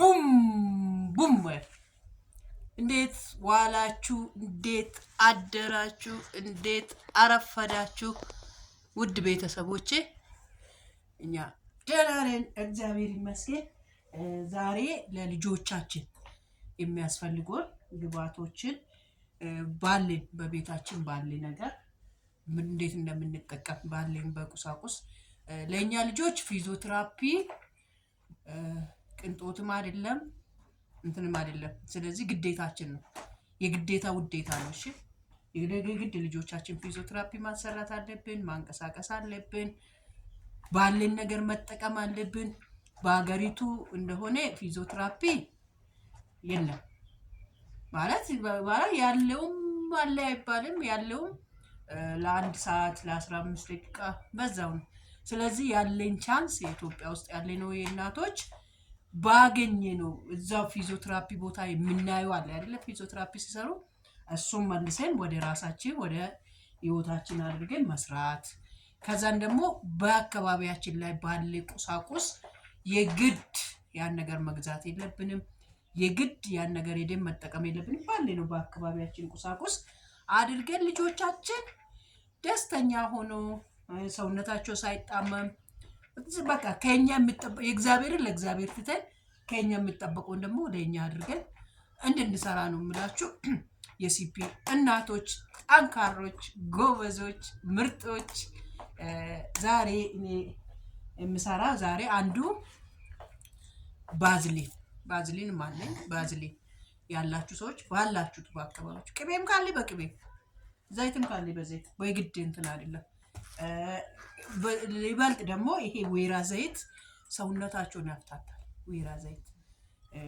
ቡም ቡም። እንዴት ዋላችሁ? እንዴት አደራችሁ? እንዴት አረፈዳችሁ? ውድ ቤተሰቦቼ እኛ ደህና ነን፣ እግዚአብሔር ይመስገን። ዛሬ ለልጆቻችን የሚያስፈልጉን ግብዓቶችን ባለን በቤታችን ባለ ነገር እንዴት እንደምንጠቀም ባለን በቁሳቁስ ለእኛ ልጆች ፊዚዮቴራፒ ቅንጦትም አይደለም እንትንም አይደለም። ስለዚህ ግዴታችን ነው፣ የግዴታ ውዴታ ነው። እሺ የግድ ልጆቻችን ፊዚዮቴራፒ ማሰራት አለብን፣ ማንቀሳቀስ አለብን፣ ባለን ነገር መጠቀም አለብን። በሀገሪቱ እንደሆነ ፊዚዮቴራፒ የለም ማለት ያለውም አለ አይባልም። ያለውም ለአንድ ሰዓት ለአስራ አምስት ደቂቃ በዛው ነው። ስለዚህ ያለን ቻንስ የኢትዮጵያ ውስጥ ያለ ነው የእናቶች ባገኘ ነው እዛው ፊዚዮትራፒ ቦታ የምናየው አለ አይደለ? ፊዚዮትራፒ ሲሰሩ እሱም መልሰን ወደ ራሳችን ወደ ህይወታችን አድርገን መስራት ከዛን ደግሞ በአካባቢያችን ላይ ባለ ቁሳቁስ የግድ ያን ነገር መግዛት የለብንም። የግድ ያን ነገር ሄደን መጠቀም የለብንም። ባለ ነው በአካባቢያችን ቁሳቁስ አድርገን ልጆቻችን ደስተኛ ሆኖ ሰውነታቸው ሳይጣመም በቃ ከኛ የምጠበቅ የእግዚአብሔርን ለእግዚአብሔር ትተን ከኛ የምጠበቀውን ደግሞ ወደ እኛ አድርገን እንድንሰራ ነው የምላችሁ። የሲፒ እናቶች ጠንካሮች፣ ጎበዞች፣ ምርጦች። ዛሬ እኔ የምሰራ ዛሬ አንዱ ባዝሊን ባዝሊን ማለኝ ባዝሊን ያላችሁ ሰዎች ባላችሁት በአካባቢዎች ቅቤም ካለ በቅቤ ዘይትም ካለ በዘይት ወይ ግድ እንትን አይደለም ይበልጥ ደግሞ ይሄ ወይራ ዘይት ሰውነታችሁን ያፍታታል። ወይራ ዘይት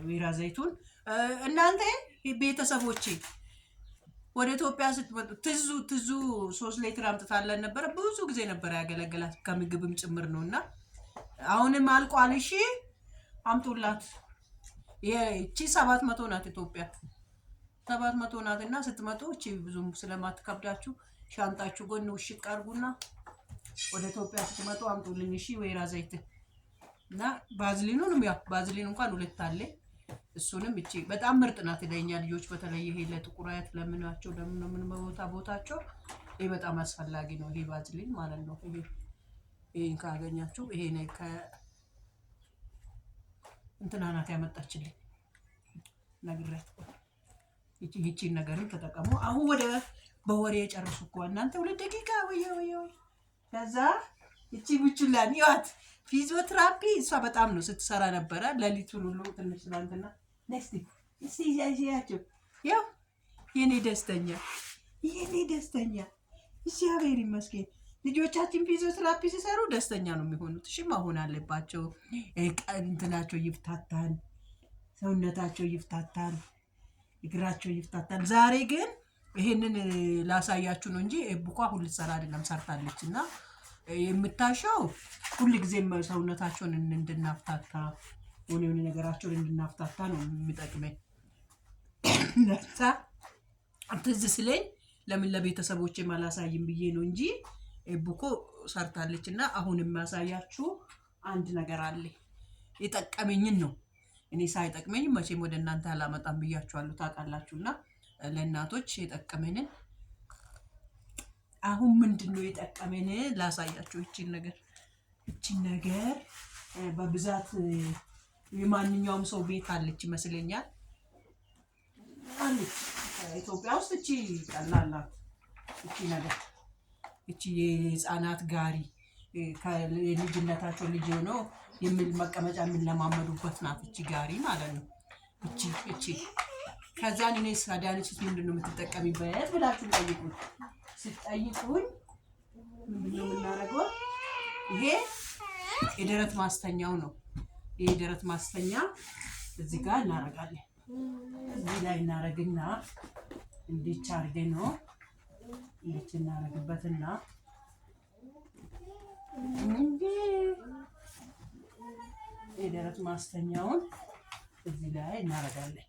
ወይራ ዘይቱን እናንተ ቤተሰቦቼ ወደ ኢትዮጵያ ስትመጡ ትዙ ትዙ ሶስት ሌትር አምጥታለን ነበረ። ብዙ ጊዜ ነበረ ያገለገላት ከምግብም ጭምር ነው እና አሁንም አልቋል። እሺ አምጡላት። ይቺ ሰባት መቶ ናት ኢትዮጵያ ሰባት መቶ ናት እና ስትመጡ እቺ ብዙም ስለማትከብዳችሁ ሻንጣችሁ ጎን ውሽቅ አርጉና ወደ ኢትዮጵያ ስትመጡ አምጡልኝ እሺ፣ ወይራ ዘይት እና ባዝሊኑንም ያው ባዝሊን እንኳን ሁለት አለ። እሱንም እቺ በጣም ምርጥ ናት። ለኛ ልጆች በተለይ ይሄ ለጥቁራት ለምናቸው ለምን ነው ምን ቦታ ቦታቸው ይሄ በጣም አስፈላጊ ነው። ይሄ ባዝሊን ማለት ነው። ይሄ ይሄን ካገኛችሁ ይሄ ነው ከ እንትና ናት ያመጣችልኝ ነግራት ይቺ ነገርም ተጠቀሙ። አሁን ወደ በወሬ የጨርሱ እኮ እናንተ ሁለት ደቂቃ ወይ ወይ ወይ ከዛ እቺ ቡቹላን ይዋት ፊዚዮትራፒ እሷ በጣም ነው ስትሰራ ነበረ። ለሊቱን ሁሉ ትንሽ ትናንትና ነስቲ እስቲ ያያቸው ያው የኔ ደስተኛ የኔ ደስተኛ እግዚአብሔር ይመስገን። ልጆቻችን ፊዚዮትራፒ ሲሰሩ ደስተኛ ነው የሚሆኑት። እሺ መሆን አለባቸው። እንትናቸው ይፍታታል፣ ሰውነታቸው ይፍታታል፣ እግራቸው ይፍታታል። ዛሬ ግን ይሄንን ላሳያችሁ ነው እንጂ ቡኳ ሁል ሰራ አይደለም ሰርታለች። እና የምታሻው ሁል ጊዜም ሰውነታቸውን እንድናፍታታ ሆነ የሆነ ነገራቸውን እንድናፍታታ ነው የሚጠቅመኝ። ነፍታ ትዝ ስለኝ ለምን ለቤተሰቦች የማላሳይም ብዬ ነው እንጂ ቡኮ ሰርታለች። እና አሁን የማሳያችሁ አንድ ነገር አለ። የጠቀመኝን ነው እኔ ሳይጠቅመኝ መቼም ወደ እናንተ አላመጣም ብያችኋለሁ ታውቃላችሁና ለእናቶች የጠቀመንን አሁን ምንድን ነው የጠቀመን ላሳያቸው። እችን ነገር እችን ነገር በብዛት የማንኛውም ሰው ቤት አለች ይመስለኛል አለች ኢትዮጵያ ውስጥ እቺ ቀላል እቺ ነገር እቺ የህፃናት ጋሪ ከልጅነታቸው ልጅ ሆነው የሚል መቀመጫ የምንለማመዱበት ናት። እቺ ጋሪ ማለት ነው። እቺ እቺ ከዛን እኔ ስራ ዳያሊሲስ ምንድን ነው የምትጠቀሚበት ብላችሁ ጠይቁ። ስትጠይቁኝ ምንድን ነው የምናደርገው? ይሄ የደረት ማስተኛው ነው። ይሄ የደረት ማስተኛ እዚህ ጋር እናደርጋለን። እዚህ ላይ እናደርግና እንዲች አድርጌ ነው እንዲች እናደርግበትና የደረት ማስተኛውን እዚህ ላይ እናደርጋለን።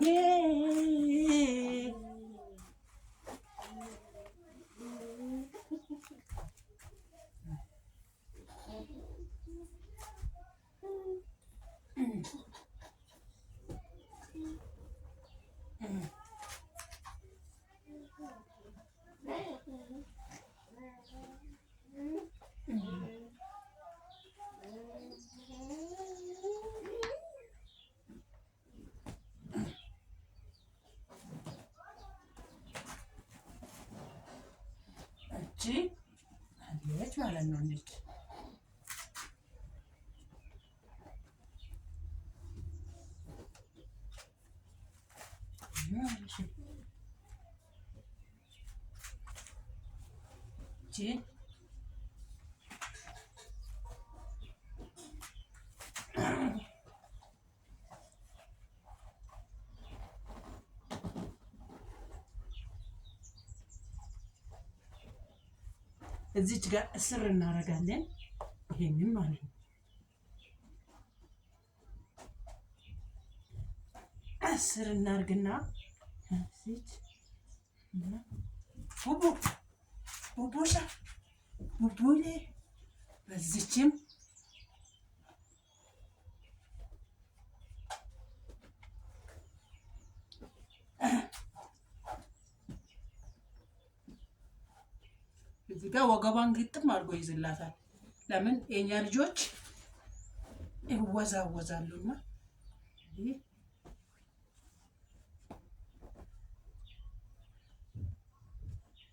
Yay! እዚች ጋር እስር እናደርጋለን። ይሄንን ማለት ነው። እስር እናድርግና ቡቡ ቡቡላ ቡቡሌ በዚችም እዚህ ጋር ወገቧን ግጥም አድርጎ ይዝላታል። ለምን የኛ ልጆች ይወዛወዛሉና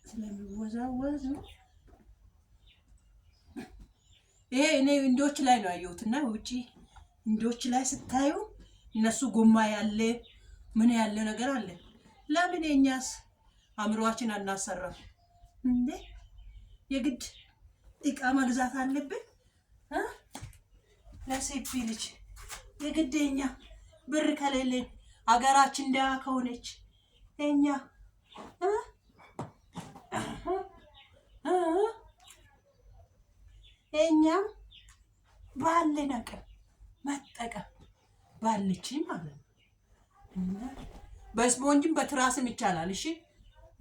ስለሚወዛወዙ ይሄ እኔ እንዶች ላይ ነው ያየሁት እና ውጪ እንዶች ላይ ስታዩ እነሱ ጎማ ያለ ምን ያለ ነገር አለ። ለምን የኛስ አእምሮአችን አናሰራም እንዴ? የግድ እቃ መግዛት አለብን ለሴፊ ልጅ የግድ የእኛ ብር ከሌለን ሀገራችን ደሃ ከሆነች የእኛ እኛም ባለን አቅም መጠቀም ባለች ማለት ነው። በስቦንጅም በትራስም ይቻላል። እሺ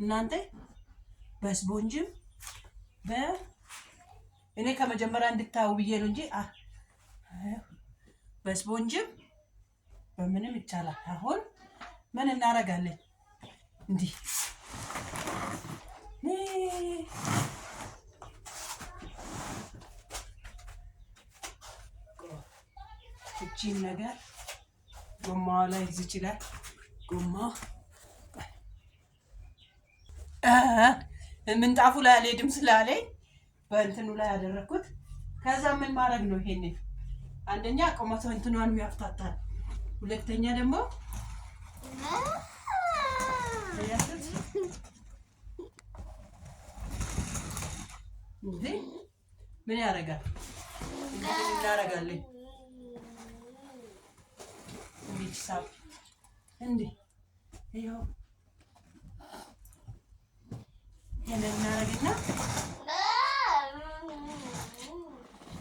እናንተ በስቦንጅም በ እኔ ከመጀመሪያ እንድታዩ ብዬ ነው እንጂ በስፖንጅም በምንም ይቻላል። አሁን ምን እናደርጋለን? እንዲህ እቺን ነገር ጎማ ላይ ይዝ ይችላል። ጎማ ምንጣፉ ላይ አልሄድም ስላለኝ በእንትኑ ላይ ያደረግኩት። ከዛ ምን ማድረግ ነው ይሄንን አንደኛ ቁመቷ እንትኗን ያፍታታል። ሁለተኛ ደግሞ ምን ያደርጋል እናደርጋለን ሳብ እንዴ ይኸው የምናረግና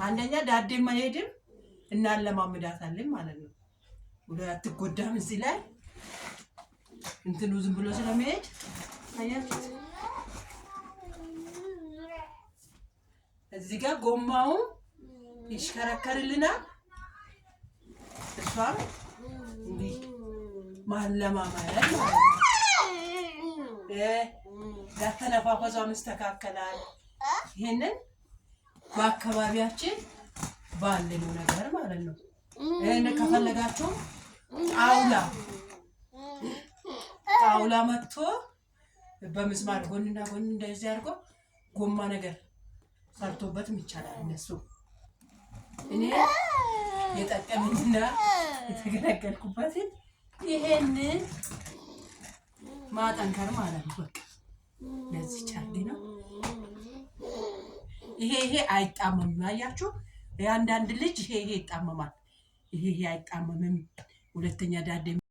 አንደኛ ዳዴ ማይሄድም እናለማምዳታለን ማለት ነው። ወደ አትጎዳም እዚህ ላይ እንትኑ ዝም ብሎ ስለመሄድ አያችሁት። እዚህ ጋር ጎማውም ይሽከረከርልናል እሷም ማለማመድ ለተነፋፈሷም ምስተካከላል ይህንን በአካባቢያችን ባለኑ ነገር ማለት ነው። ይህን ከፈለጋችሁ ጣውላ ጣውላ መጥቶ በምስማር ጎንና ጎን እንደዚህ አድርጎ ጎማ ነገር ሰርቶበትም ይቻላል። እነሱ እኔ የጠቀመኝና የተገለገልኩበትን ይሄን ማጠንከር ማለት ነው። በቃ ለዚህ ነው። ይሄ ይሄ አይጣመምም። አያችሁ፣ የአንዳንድ ልጅ ይሄ ይሄ ይጣመማል። ይሄ ይሄ አይጣመምም። ሁለተኛ ዳዴ